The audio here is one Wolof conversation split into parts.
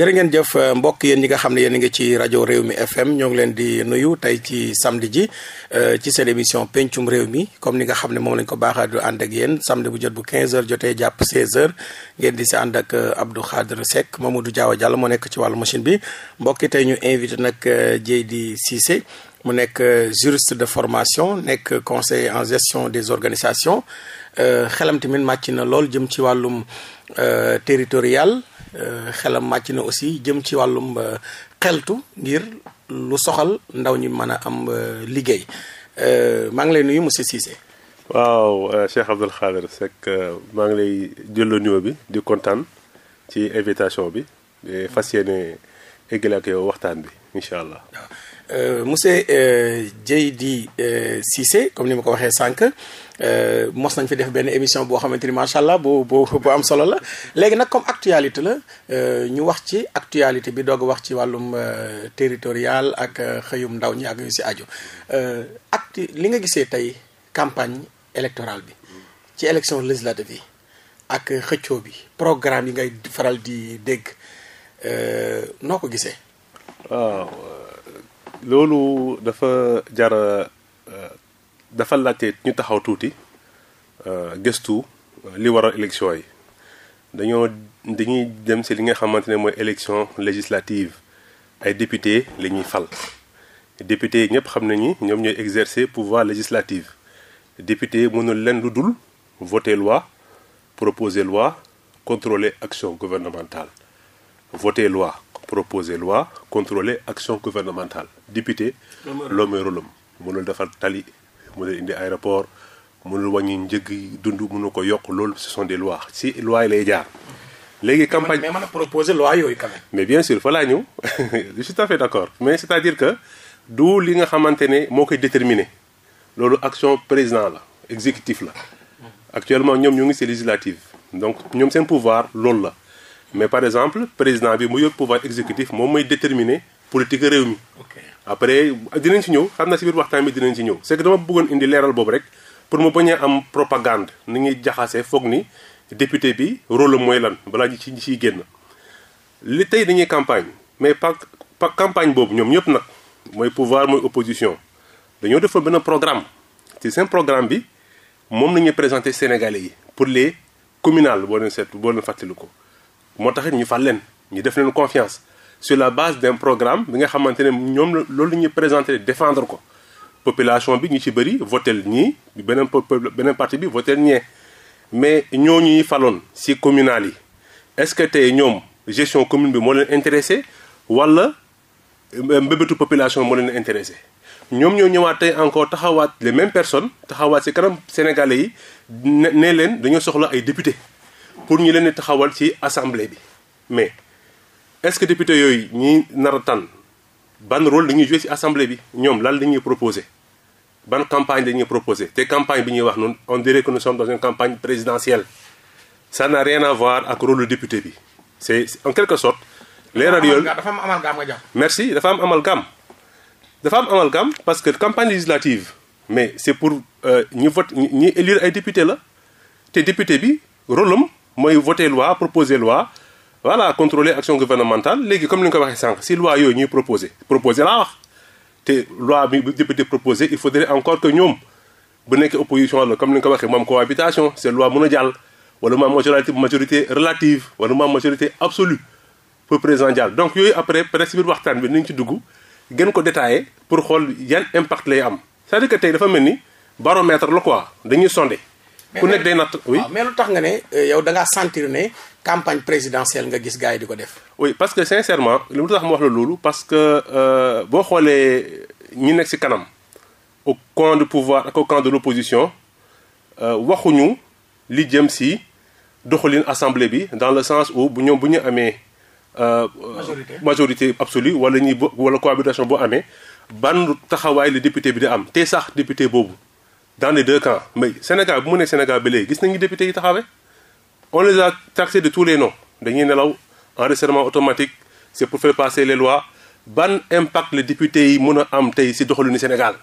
jërë ngeen jëf euh, mbokk yéen ñi nga xam ne yéen a nga ci rajo réew mi FM ñoo ngi leen di nuyu tey ci samedi ji euh, ci seen émission pencum réew mi comme ni nga xam ne moom lañ ko baaxaa du ànd ak yéen samedi bu jot bu 15h jotee jàpp 16h ngeen di si ànd ak euh, Abdou Khadre Seck du Diawa Diallo moo nekk ci wàllu machine bi mbokki tey ñu invité nag Dieydi Cissé mu nekk juriste de formation nekk conseiller en gestion des organisations xelam tamit màcc na lool jëm ci wàllum territorial Euh, xelam màcc na aussi jëm ci wàllum euh, xeltu ngir lu soxal ndaw ñi mën a am euh, liggéey maa ngi lay nuyu monsieur Cissé. waaw Cheikh Abdoul Khader Seck maa ngi lay jël la nuyoo bi di kontaan ci invitation bi fas yéene eggale ak yow waxtaan bi incha allah. Euh, monsieur Dieydi euh, euh, Cissé comme ni ma ko waxee sànq mos nañ fi def benn émission boo xamante ni macha allah boo bu bu am solo la léegi nag comme actualité la ñu wax ci actualité bi doog wax ci wàllum territorial ak xëyum ndaw ñi ak yu si aju acti li nga gisee tey campagne électorale bi ci élection législative bi ak xëccoo bi programme yi ngay faral di dégg noo ko gisee. loolu dafa jara euh, dafa laajte ñu taxaw tuuti euh, gëstu euh, li waral élection yi dañoo dañuy dem si li nga xamante ne mooy élection législative ay député la ñuy fal député yi ñëpp xam nañu ñoom ñooy exercer pouvoir législatif député mënul leen lu dul voter loi proposer loi contrôler action gouvernementale voter loi proposé loi contrôler action gouvernementale député loo mooy rôlam mënul defar tali mënul indi aéroport mënul wàññi njëg dund mënu ko yokk loolu ce sont des lois si loi yi lay jaar léegi campagne mais mën a yooyu quand mais bien sûr fa laa ñëw je suis tout fait d' accord mais c' est à dire que doo li nga xamante ne moo koy déterminer loolu action président la exécutif la actuellement ñoom ñu ngi si législative donc ñoom seen pouvoir loolu la mais par exemple président bi mu yor pouvoir exécutif moom mooy déterminer politique réew mi. après dinañ ci ñëw xam naa si biir waxtaan bi dinañ ci ñëw. c'est que dama bëggoon indi leeral boobu rek pour mu bañ a am propagande ni ñuy jaxasee foog ni député bi rôle mooy lan balaa ñu ci ciy génn. li tey dañuy campagne mais par pa campagne boobu ñoom ñëpp nag mooy pouvoir mooy opposition dañoo defoon benn programme ci seen programme bi moom la ñuy présenter Sénégalais yi pour les communales boo leen seet boo leen fàttali ko. moo taxit ñu fal leen ñu def leen confiance sur la base d'un programme bi nga xamante ne ñoom loolu ñuy présenté défendre ko population bi ñu ci bëri votel ñii beneen beneen parti bi votel ñee mais ñoo ñuy faloon si communal yi est-ce que tey ñoom gestion commune bi moo leen intéressé wala euh, mbébétu population moo leen intéressé ñoom ñoo ñëwaat tey encore taxawaat les mêmes personnes taxawaat ci kanam sénégalais yi ne leen dañoo soxla ay député pour ñu leen taxawal ci assemblée bi mais est-ce que député yooyu ñuy nar a ban rôle la ñuy joué ci assemblée bi ñoom lan la ñuy proposé ban campagne la ñuy proposé te campagne bi ñuy wax noonu on dirait que nous sommes dans une campagne présidentielle ça n'a rien à voir ak rôle député bi c'est en quelque sorte leeral yooyu dafa am amalgame nga jàpp dafa am amalgame dafa am amalgame parce que campagne législative mais c'est pour euh, ñu vote ñi élire ay député la te député bi rôle am mooy voter loi proposer loi voilà contrôler action gouvernementale léegi comme ni nga ko waxee sànq si loi yooyu ñuy proposer proposer laa te loi bi bu député proposer il faudrait encore que ñoom bu nekkee opposition la comme ni nga ko waxee moom cohabitation c'est loi mën a jàll wala mu am majorité majorité relative wala mu majorité absolue pour président jàll donc yooyu après presque biir waxtaan bi nañ ci dugg gën ko détaillé pour xool yan impact lay am sa à dafa mel ni baromètre la quoi dañuy sonder ku nekk day natt oui mais lu tax nga ne euh, yow da ngaa sentir ne campagne présidentielle nga gis gars yi di ko def. oui parce que sincèrement mu tax ma wax la loolu parce que euh, boo xoolee ñi nekk ci kanam au camp du pouvoir ak au camp de l'opposition euh, waxuñu li jëm ci doxalin assemblée bi dans le sens où bu ñoom bu ñu amee. Euh, majorité majorité absolue wala ñi bo wala cohabitation boo amee ban taxawaay li député bi di am te sax député boobu. dans les deux camps mais Sénégal bu mu nekk Sénégal bi léegi gis nañu député yi taxawee on les a taxés de tous les noms dañuy nelaw enregistrement automatique c'est pour faire passer les lois ban impact le député yi mun a am tey si doxalinu Sénégal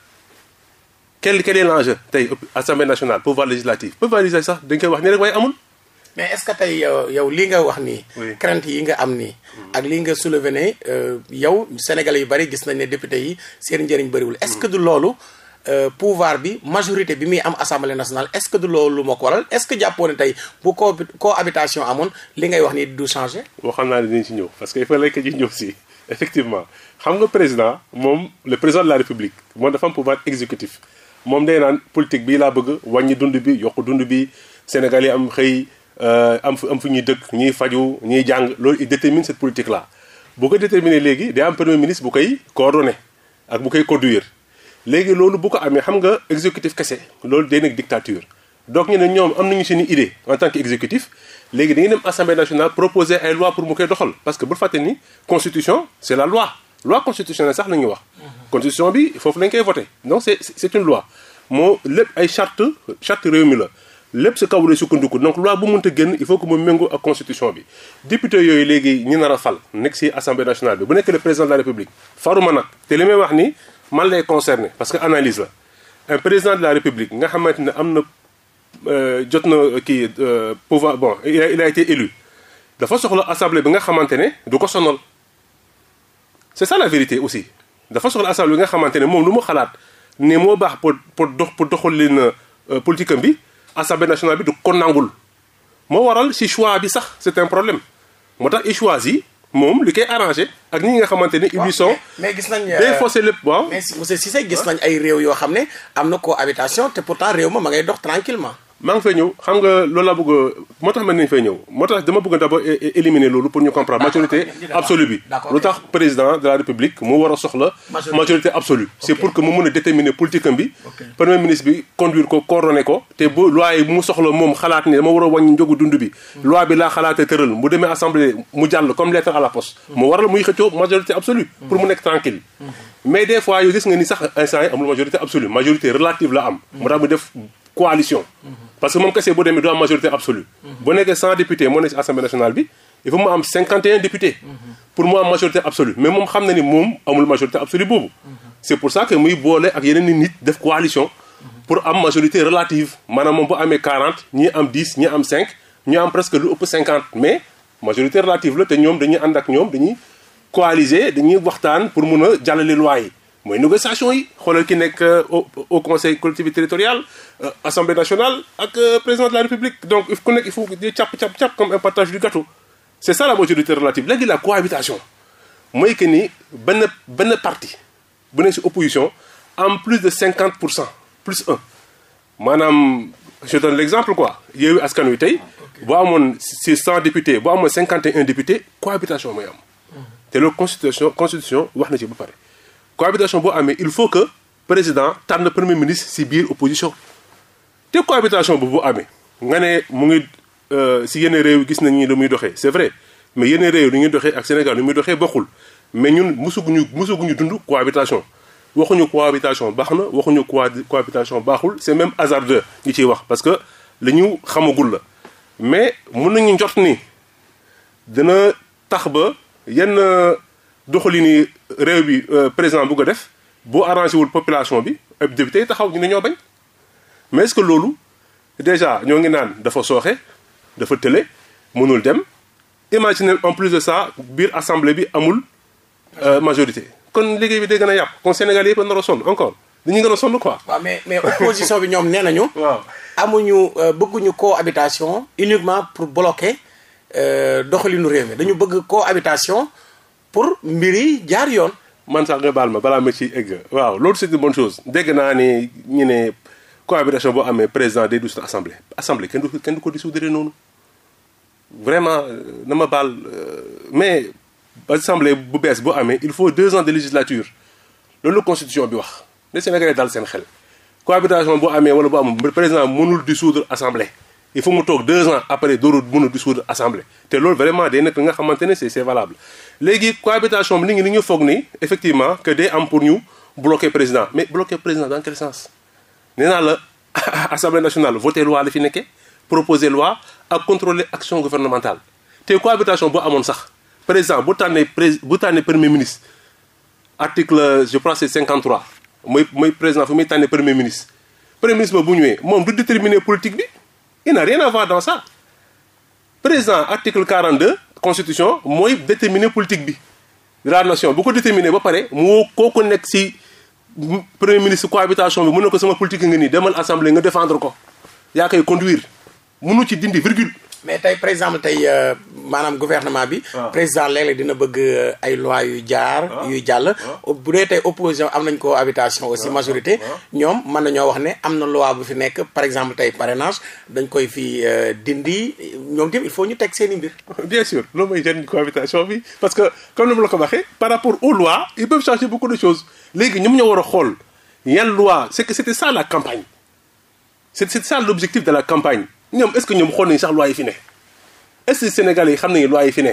quel quel est l'enjeu tey assemblée nationale pouvoir législatif pouvoir législatif sax dañ koy wax ni rek waaye amul. mais est-ce que tey yow yow li nga wax nii. crainte yi nga am nii. ak li nga soulevé ne euh, yow sénégalais yu bari gis nañ ne député yi seen njëriñ bëriwul. est-ce loolu. Euh, pouvoir bi majorité bi muy am assemblée nationale est-ce que du loolu ma ko waral est-ce que jàppoo ne tey bu co cohabitation amoon li ngay wax ni du changé. waxal naa ne dinañ ci ñëw parce que il fallait que ñu ñëw si effectivement xam nga président moom le président de la république moom dafa am pouvoir exécutif moom day naan politique bii laa bëgg wàññi dund bi yokk dund bi Sénégal yi am xëy euh, am fu am fu ñuy dëkk ñuy faju ñuy jàng loolu il détermine cette politique là bu ko déterminer léegi day am premier ministre bu koy coordonner ak bu koy conduire. léegi loolu bu ko amee xam nga exécutif kese loolu day nekk dictature donc ñu ne ñoom am nañu seen idée en tant que exécutif léegi dañuy dem assemblée nationale proposer ay loi pour mu doxal parce que bul fàtte ni constitution c'est la loi loi constitutionnelle sax la ñuy wax. constitution bi foofu lañ koy voté donc c'est c'est une loi moo lépp ay charte charte réew mi la lépp si kaw lay sukkandiku donc loi bu mënta génn il faut que mu méngoo ak constitution bi. député yooyu léegi ñu nar a fal nekk si assemblée bi bu nekk le président de la wax ni. man lay concerné parce que analyse la un président de la république nga xamante ne am na euh, jot na kii euh, pouvoir bon il a été élu dafa soxla assemblée bi nga xamante ne du ko sonal c'est ça la vérité aussi dafa soxla assemblée bi nga xamante ne moom lu mu xalaat ni moo baax pour pour dox pour doxal leen euh, politique am bi assemblée nationale bi du ko nangul moo waral si choix bi sax c'est un problème moo tax i choisi moom li koy arrangé ak ñi nga xamante ne ils mais gis nañ day euh, faussé lépp waaw. mais monsieur gis nañ ay réew yoo xam ne am na cohabitation te pourtant réew ma ma ngay dox tranquillement maa ngi fay ñëw xam nga loolu laa bëgg moo tax mën nañu fay ñëw moo tax dama bëgg d'abord éliminer loolu pour ñu comprendre ah, majorité absolue bi lu tax président de la république mu war a soxla majorité absolue c'est pour que mu mën a déterminer politique am bi premier ministre bi conduire ko coordonner ko te bu loi yi mu soxla moom xalaat ni dama war a wàññi njogu dund bi hmm. loi bi laa xalaatee tëral mu demee assemblée mu jàll comme lettre à la poste hmm. mu waral muy xëccoo majorité absolue hmm. nga ni sax instant yi amul majorité absolue majorité relative la am coalition. Mhm. parce que moom kese boo demee doo am majorité absolue. Mhm. boo nekkee 100 députés moo nekk ci assemblée nationale bi il faut mu am 51 députés. Mhm. pour mu am majorité absolue mais moom xam na ni moom amul majorité absolue boobu. c' pour ça que muy boole ak yeneen nit def coalition. pour am majorité relative maanaam moom bu amee 40 ñii am 10 ñii am 5 ñu am presque lu ëpp cinquante mais majorité relative la te ñoom dañuy ànd ak ñoom dañuy coaliser dañuy waxtaan pour mun a jàllale loi yi. mooy négociation yi xoolal ki nekk euh, au conseil collectivité territoriale euh, assemblée nationale ak euh, président de la république donc ku nekk il faut di càpp càpp càpp comme un partage du gâteau c'est ça la majorité relative léegi la cohabitation mooy que ni benn benn parti bu nekk si opposition en plus de cinquante pour cent plus un maanaam je donne l'exemple quoi Yewwi Askan Wi tey boo amoon six cent députés boo amoon cinquante et un députés cohabitation mooy am mmh. te loolu constitution wax na ci ba pare cohabitation boo amee il faut que président tànn premier ministre ci biir opposition te cohabitation boobu bu amee nga ne mu ngi ci euh, yenn réew gis nañ ni lu muy doxee c'est vrai mais yenn réew ni ñuy doxee ak Sénégal ni muy doxee bokkul mais ñun musuguñu musuguñu dund cohabitation waxuñu cohabitation baax na waxuñu cohabitation baaxul c'est même hasardeux ñu ciy wax parce que li ñu xamagul la mais mën nañu njort ni dina tax ba yenn doxalini euh, réew bi euh, président bugg a def boo arrangé wul population bi ab député taxaw ñu ne ñoo bañ mais est loolu déjà ñoo ngi naan dafa sooxe dafa tële mënul dem imaginer en plus de ça biir assemblée bi amul euh, majorité kon liggéey bi day gën a yàpp kon Sénégal yëpp nar a sonn encore dañuy gën a sonn quoi. waaw mais mais opposition bi ñoom nee nañu. waaw amuñu bëgguñu cohabitation uniquement pour bloquer doxalinu réew mi dañu bëgg cohabitation. pour mbir yi jaar yoon. man sax nga baal ma balaa ma ciy egg waaw loolu c'est une bonne chose dégg naa ni ñu ne cohabitation boo amee président day dissoudre assemblée assemblée kenn du kenn du ko dissoudre noonu vraiment euh, na ma bal euh, mais assemblée bu bees bu amee il faut deux ans de législature loolu la constitution bi wax les Sénégalais daal seen xel cohabitation bu amee wala bu am président mënul dissoudre assemblée il faut mu toog deux ans après dooru mënul dissoudre assemblée te loolu vraiment day nekk nga xamante ne c'est c'est valable léegi cohabitation bi li ñi ni ñu foog ni effectivement que day am pour ñu bloquer président mais bloquer président dans quel sens nee naa la assemblée nationale voter loi la fi nekkee proposer loi ak contrôler action gouvernementale te cohabitation boo amoon sax président bu tànnee prés bu tànnee premier ministre article je pense c'est 53 mooy mooy président fu muy tànnee premier ministre premier ministre bu ñëwee moom du déterminer politique bi il n'a rien à voir dans ça président constitution mooy déterminer politique bi de la nation bu ko déterminer ba pare moo ko nekk ci premier ministre cohabitation bi mën na ko sama politique nga nii demal assemblée nga défendre ko yaa koy conduire mënu ci dindi virgule mais tey par exemple tey euh, maanaam gouvernement bi. Ah. président léeg dina bëgg euh, ay loi yu jaar. Ah. yu jàll. Ah. bu dee tey opposition am nañ ko habitation aussi majorité. ñoom mën nañoo wax ne am na loi bu fi nekk par exemple tey parrainage dañ koy fi euh, dindi ñoom tamit il faut ñu teg seen i mbir. bien sûr loolu mooy jëriñ cohabitation bi parce que comme ni ma la ko waxee par rapport aux lois ils peuvent changer beaucoup de choses léegi ñoom ñoo war a xool yan loi c'est que c'était ça la campagne c'est ça l'objectif de la ñoom est-ce que ñoom xool nañu sax loi yi fi ne est sénégal yi xam nañu loi yi fi ne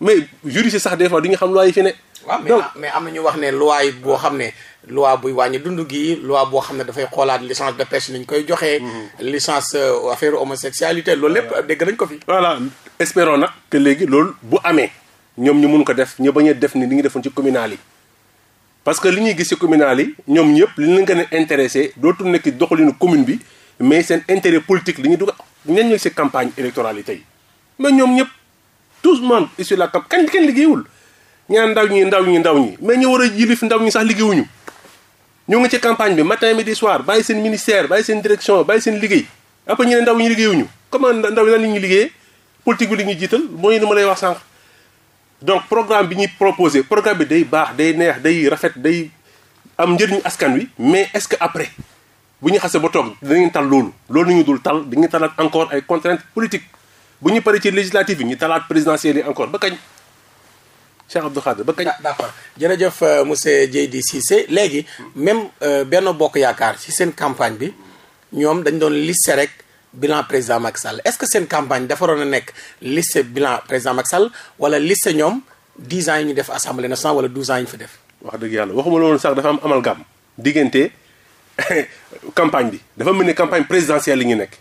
mais juriste sax des fois du ñu xam loi yi fi ne. waaw mais mais am na ñu wax ne loi yi boo xam ne loi buy wàññi dund gi loi boo xam ne dafay xoolaat licence de pêche ni ñu koy joxee. Mhm. licence euh, affaire homosexualité loolu lépp dégg nañ ko fi. voilà espérons nag que léegi loolu bu amee ñoom ñu mun ko def ñu bañ a def ni li ñu defoon ci communal yi. parce que li ñuy gis ci communal yi ñoom ñëpp li leen gën a intéressé dootul nekk doxalinu commune bi. mais seen intérêt politique li ñu dugal ñan ñooy seen campagne électorale yi tey mais ñoom ñëpp tous membres issus de la campagne kenn liggéeyul ñaan ndaw ñi ndaw ñi ndaw ñi mais ñu war a fi ndaw ñi sax liggéeyuñu ñoo ngi ci campagne bi matin midi soir bàyyi seen ministère bàyyi seen direction bàyyi seen liggéey après ñi ne ndaw ñi liggéeyuñu comment ndaw ñi lan la ñuy liggéeyee politique bi li ñuy jiital mooy ni ma lay wax sànq donc programme bi ñuy proposé programme bi day baax day neex day rafet day am njëriñu askan wi mais est-ce que après bu ñu xasee ba toog dinañu tal loolu loolu ñu dul tal dañuy talaat encore ay contraintes politiques bu ñu paree ci législative yi ñu talaat présidentielles yi encore ba kañ Cheikh Abdou Khadre ba kañ. d' accord jërëjëf euh, monsieur Dieydi Cissé léegi même euh, benn Bokk Yaakaar ci seen campagne bi ñoom dañ doon liste rek bilan président Macky Sall est ce que seen campagne dafa waroon a nekk liste bilan président Macky Sall wala liste ñoom 10 ans yi ñu def assemblée nationale wala 12 ans ñu fa def. wax dëgg waxuma la woon sax dafa am diggante. campagne bi dafa mel ni campagne présidentielle li ñu nekk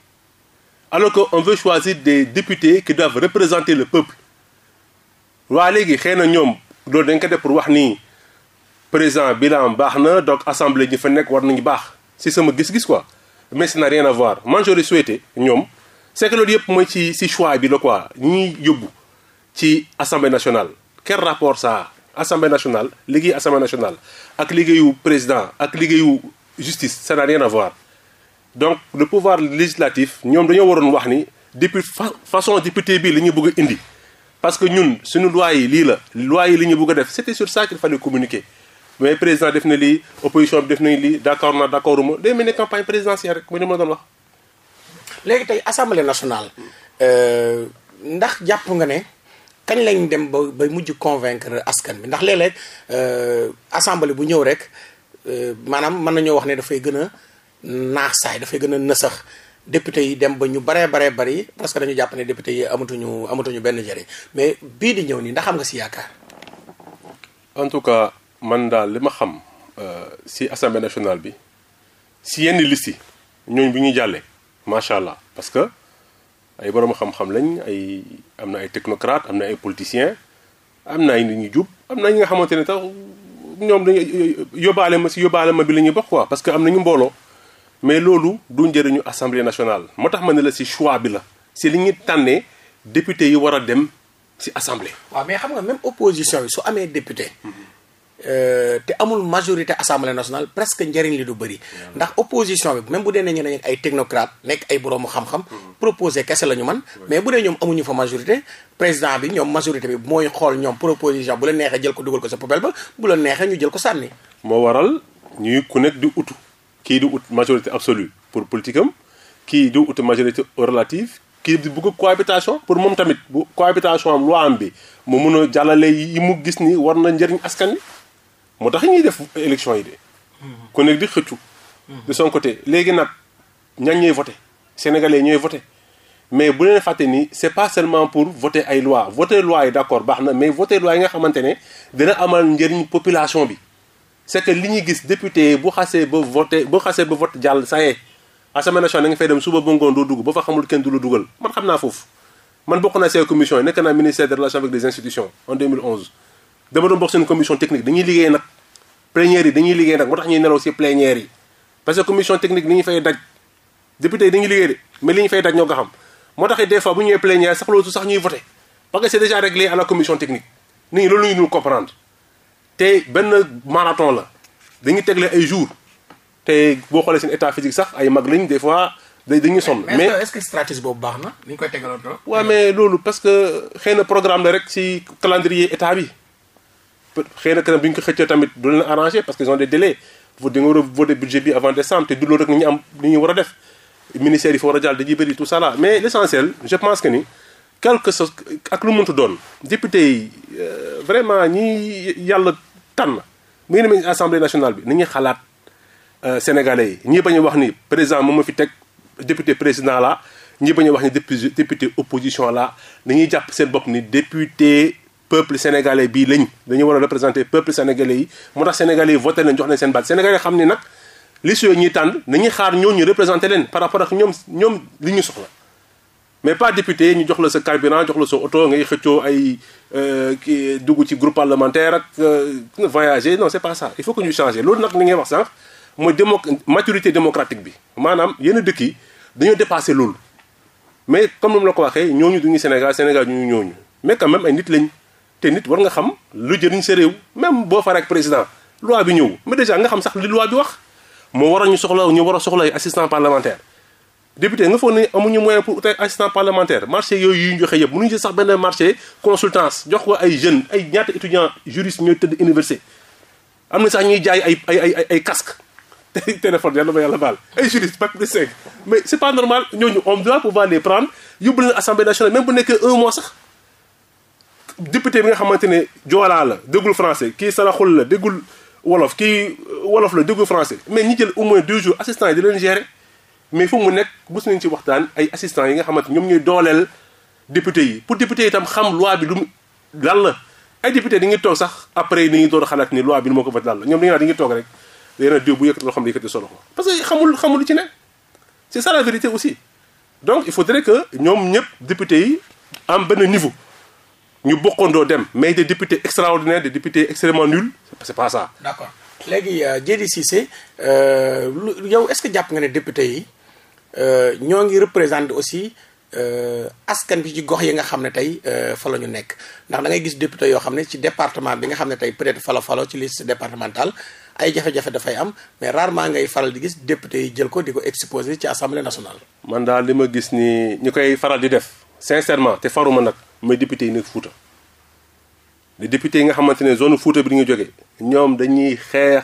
alors que on veut choisir des députés qui doivent représenter le peuple waa léegi xëy na ñoom loolu dañ ko def pour wax ni président bilan baax na donc assemblée ñi fa nekk war ñu baax si sama gis-gis quoi mais n'a rien à voir man j'aurais ñoom c'est loolu yëpp mooy ci si choix bi la quoi ñuy yóbbu ci assemblée nationale quel rapport ça assemblée nationale liggéey assemblée nationale ak liggéeyu président ak liggéeyu justice ça n'a rien à donc le pouvoir législatif ñoom dañoo waroon wax ni depuis façon député bii la ñu bëgg a indi parce que ñun suñu loi yi lii la loi yi li ñu bëgg a def c'était sur ça qu'il fallait communiquer mais président def na lii opposition bi def nañ lii d'accord na d'accord uma day mel ne campagne présidentielle rek mu ne ma doon wax léegi tey assemblée nationale euh, ndax jàpp nga ne kañ lañ dem ba ba mujj convaincre askan bi ndax léeg-léeg euh, assemblée bu ñëw rek Euh, maanaam mën nañoo wax ne dafay gën a naax saay dafay gën a nësax député yi dem ba ñu baree baree bari parce que dañu jàpp député yi amatuñu amatuñu benn njëriñ mais bii di ñëw nii ndax xam nga si yaakaar. en tout cas man daal li ma xam si euh, assemblée nationale bi si yenn liste yi ñooñu bu ñuy jàllee macha allah parce que ay borom xam-xam lañ ay am na ay technocrate am na ay politiciens am na ay nit ñi jub am na ñi nga xamante ne tax. ñoom dañuy yóbbaale ma si yóbbaale ma bi la ñuy bokk quoi parce que am nañu mbooloo mais loolu du njëriñu assemblée nationale moo tax ma ne la si choix bi la si li ñuy tànnee député yi war a dem si assemblée. waaw mais xam nga même opposition yi su amee député. Mm-hmm. Euh, te amul majorité assemblée nationale presque njëriñ li du bëri. ndax opposition bi même bu dee ne ñu ne ay technocrate nekk ay boroomu xam-xam. proposé kese la ñu man mais bu dee ñoom amuñu fa majorité président bi ñoom majorité bi mooy xool ñoom proposition bu la neexee jël ko dugal ko sa poubelle ba bu la neexee ñu jël ko sànni. moo waral ñuy ku nekk di utu kii di ut majorité absolue pour politique kii di ut majorité relative. kii di bëgg cohabitation pour moom tamit bu cohabitation am bi mu mun a jàllale yi mu gis ni war na njëriñ askan wi. moo tax ñuy def élection yi de. ku nekk di xëccu. de son côté léegi nag ñañ ñooy voté sénégalais ñooy voté mais bu leen fàtte nii c'est pas seulement pour voter ay loi voter loi yi d'accord baax na mais voter loi yi nga xamante ne dina amal njëriñ population bi. c'est que li ñu gis député bu xasee ba voté bu xasee ba vote jàll saa yee assemblée nationale da nga fay dem suba ba ngoon doo dugg ba fa xamul kenn du la dugal man xam naa foofu man bokk naa see commission dama doon bokk seen commission technique dañuy liggéey nag plénière yi dañuy liggéey nag moo tax ñuy nelaw si plénière yi parce que commission technique li ñu fay daj député yi dañuy liggéey de mais li fay daj ñoo ko xam moo tax des fois bu ñu ñëwee plénière sax loolu sax ñuy voté parce que la commission technique nit ñi ay jours te boo xoolee seen état physique sax ay mag lañ des fois day dañuy sonn. mais est-ce boobu baax na ni ñu koy tegaloon waaw mais loolu parce que xëy na programme la rek si calendrier état bi. xëy na kanam bi ñu ko xëccoo tamit du leen arrangé parce que ils ont des délais vote da nga war a voter budget bi avant décembre te du loolu rek ni ñu am ni ñu war a def ministère yi fa war a jàll dañuy bëri tout ça mais l' essentiel je ni quelque chose ak lu muntu doon député yi euh, vraiment ñi yàlla tànn mu ngi demee assemblée nationale bi ni ñuy xalaat euh, sénégalais yi ñii bañ wax ni président moom ma fi teg député président la ñii bañ wax ni député opposition la ni ñuy jàpp seen bopp ni député peuple sénégalais bii lañ dañu war a représenter peuple sénégalais yi moo tax sénégalais yi voté leen jox nañ seen baat sénégalais xam ne nag liste yooyu ñuy tànn nañuy xaar ñooñu représenté leen par rapport ak ñoom ñoom li ñu soxla mais pas député ñu jox la sa carburant jox la sa oto ngay xëccoo ay euh, dugg ci groupe parlementaire ak euh, voyager no c'est pas ça il faut que ñu changer loolu nag ni ngay wax sànq mooy démo maturité démocratique bi maanaam yenn dëkk yi dañoo dépassé loolu mais comme ni la ko waxee ñooñu duñu Sénégal Sénégal ñu ñooñu mais quand même ay nit lañ. te nit war nga xam lu jëriñ sa réew même boo faree ak président loi bi ñëw mais déjà nga xam sax li loi bi wax moo war a ñu soxla ñu war a soxla assistant parlementaire député nga foog ne amuñu moyen pour uti assistant parlementaire marché yooyu yu ñu joxe yëpp mënuñu si sax benn marché consultance jox ko ay jeunes ay ñaata étudiants juristes ñooy tëdd université am na sax ñuy jaay ay ay ay ay casque tey téléphone yàlla ma yàlla baal ay juristes bac plus mois sax député bi nga xamante ne joolaa la déggul français kii saraxul la déggul wolof kii euh, wolof la déggul français mais ñi jël au moins deux jours assistants yi di leen mais fu mu nekk mos nañ ci waxtaan ay assistants yi nga xamante ñoom ñooy dooleel député yi pour député yi itam xam loi bi lu mu lan la ay député di ngi toog sax après ni ngi door a xalaat ni loi bi lu ma ko fa lan la ñoom dañu naan di ngi toog rek yéen diw bu yëkkati loo xam ne yëkkati solo ko parce que la aussi donc il faudrait que ñoom ñëpp député yi am benn niveau ñu bokkandoo dem mais des députés extraordinaires des députés extrêmement nuls c'est pas ça. d'accord léegi euh, Diéry Cissé euh, yow est-ce que jàpp nga ne député yi euh, ñoo ngi représenté aussi. askan bi ci gox yi nga xam ne tey fa la ñu nekk ndax da ngay gis député yoo xam ne ci département bi nga xam ne tey peut-être falo falo ci list départemental ay jafe-jafe dafay am mais rarement ngay faral di gis député yi jël ko di ko exposé ci assemblée nationale. man daal li ma gis ni ñu koy faral di def sincèrement te faruma nag mais député yi nekk Fouta de député yi nga xamante ne zone Fouta bi ñu jógee ñoom dañuy xeex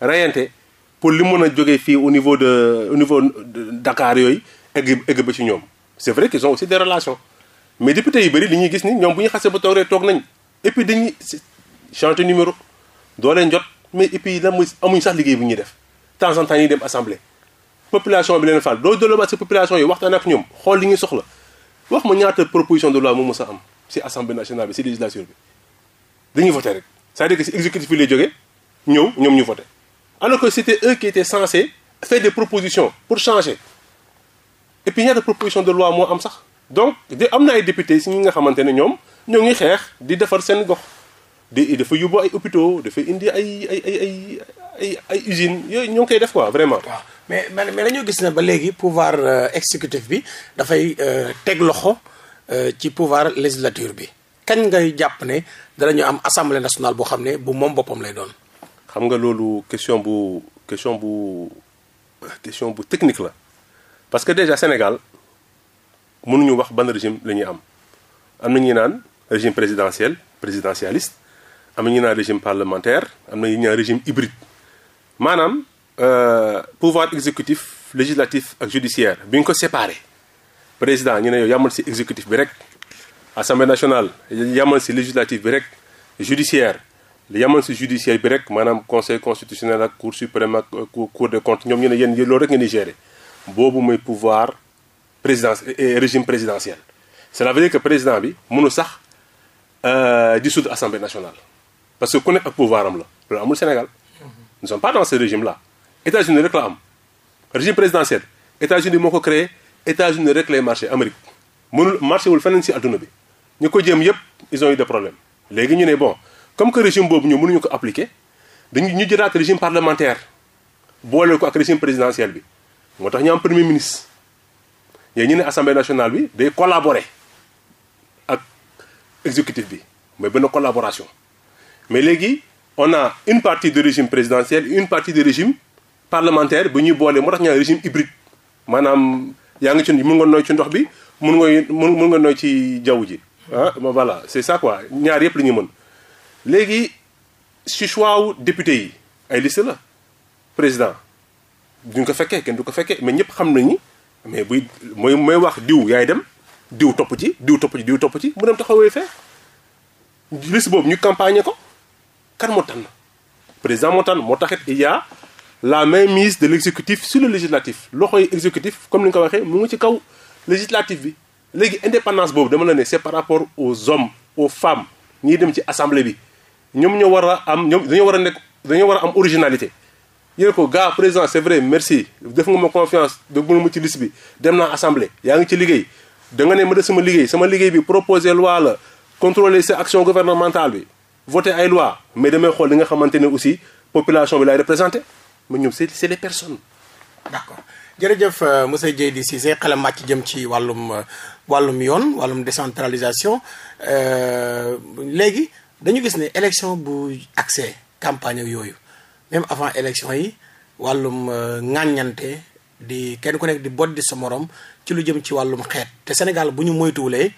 rayante pour li mën a jógee fii au niveau de au niveau Dakar yooyu egg egg ba ci ñoom c'est vrai qu'ils ont si des relations mais député yu bëri li ñuy gis ni ñoom bu ñu xasee ba toog rek toog nañ et dañuy changer numéro doo leen jot mais et puis lan mooy amuñ sax liggéey bu ñuy def temps en temps ñuy dem assemblée population bi leen fal doo delloo ba population yi waxtaan ak ñoom xool li ñuy soxla wax ma ñaata proposition de loi moo mos a am si assemblée nationale bi si législature bi dañuy voté rek c'est-à-dire que si exécutif bi lay jógee ñëw ñoom ñu voté alors que c'était eux qui étaient censés faire des propositions pour changer et puis ñaata proposition de loi moo am sax donc de am na ay députés si ñi nga xamante ne ñoom ñoo ngi xeex di defar seen gox di dafa yóbbu ay hôpitaux dafa indi ay ay ay ay ay usines yooyu ñoo ngi koy def quoi vraiment mais mais dañoo gis ne ba léegi pouvoir euh, exécutif bi dafay euh, teg loxo euh, ci pouvoir législature bi kañ ngay jàpp ne danañu am assemblée nationale boo xam ne bu moom boppam lay doon. xam nga loolu question bu question bu question bu technique la parce que déjà Sénégal mënuñu wax ban régime la ñuy am am na ñuy naan régime présidentiel présidentialiste am na ñuy naan régime parlementaire am na ñuy naan régime hybride maanaam. Euh, pouvoir exécutif législatif ak judiciaire bi nga ko séparé président ñu ne yow yamal si exécutif bi rek assemblée nationale yamal si législatif bi rek judiciaire yamal si judiciaire bi rek maanaam conseil constitutionnel ak cour suprême ak euh, cour des comptes ñoom ñu ne yéen loolu rek ngeen di gérer boobu mooy pouvoir présidence et euh, régime présidentiel cela veut dire que président bi mënu sax dissoudre assemblée nationale parce que ku nekk ak pouvoir la loolu amul Sénégal États-Unis rek am régime présidentiel États-Unis moo ko créé États-Unis rek lay marché Amérique mënul marché wul feneen si adduna bi ñu ko jëm yëpp ils ont eu des problèmes léegi ñu ne bon comme que régime boobu ñu mënuñu ko appliquer dañu ñu jëlaat régime parlementaire boole ko ak régime présidentiel bi moo tax ñu am premier ministre yooyu ñu ne assemblée nationale bi day collaborer ak exécutif bi mooy benn collaboration mais léegi on a une partie de régime présidentiel une partie de régime parlementaire bu ñuy boolee moo tax ñu naan régime hybride maanaam yaa ngi ci mun nga nooy ci ndox bi mun nga mun nga nooy ci jaww ji ah voilà c'est ça quoi ñaar yëpp la ñu mën léegi si choix wu député yi ay liste la président duñ ko fekkee kenn du ko fekkee mais ñëpp xam nañu mais buy mooy mooy wax diw yaay dem diw topp ci diw topp ci diw topp ci mu dem taxawee fee liste boobu ñu campagne ko kan moo tànn président moo tànn moo taxit il la mainmise de l'exécutif sur le législatif loxoy exécutif comme ni nga ko waxee mu nga ci kaw législatif bi léegi indépendance boobu dama la ne c'est par rapport aux hommes aux femmes ñiy dem ci assemblée bi ñoom ñoo war a am ñoom dañoo war a nekk dañoo war a am originalité yéen ko gars président c'est vrai merci def nga ma confiance bu déglu mu ci liste bi dem naa assemblée yaa ngi ci liggéey da nga ne ma def sama liggéey sama liggéey bi proposer loi la contrôler sa action gouvernementale bi voter ay mais damay xool li nga xamante ne aussi population bi lay représenter ma ñoom c'est c'est les personnes. d'accord jërëjëf euh, monsieur si Cissé xelam màcc jëm ci wàllum euh, wàllum yoon wàllum décentralisation euh, léegi dañu gis ne élection bu accès campagne yooyu même avant élection yi wàllum ŋàññante di kenn ku nekk di boddi sa morom ci lu jëm ci wàllum xeet te Sénégal bu ñu moytuwulee.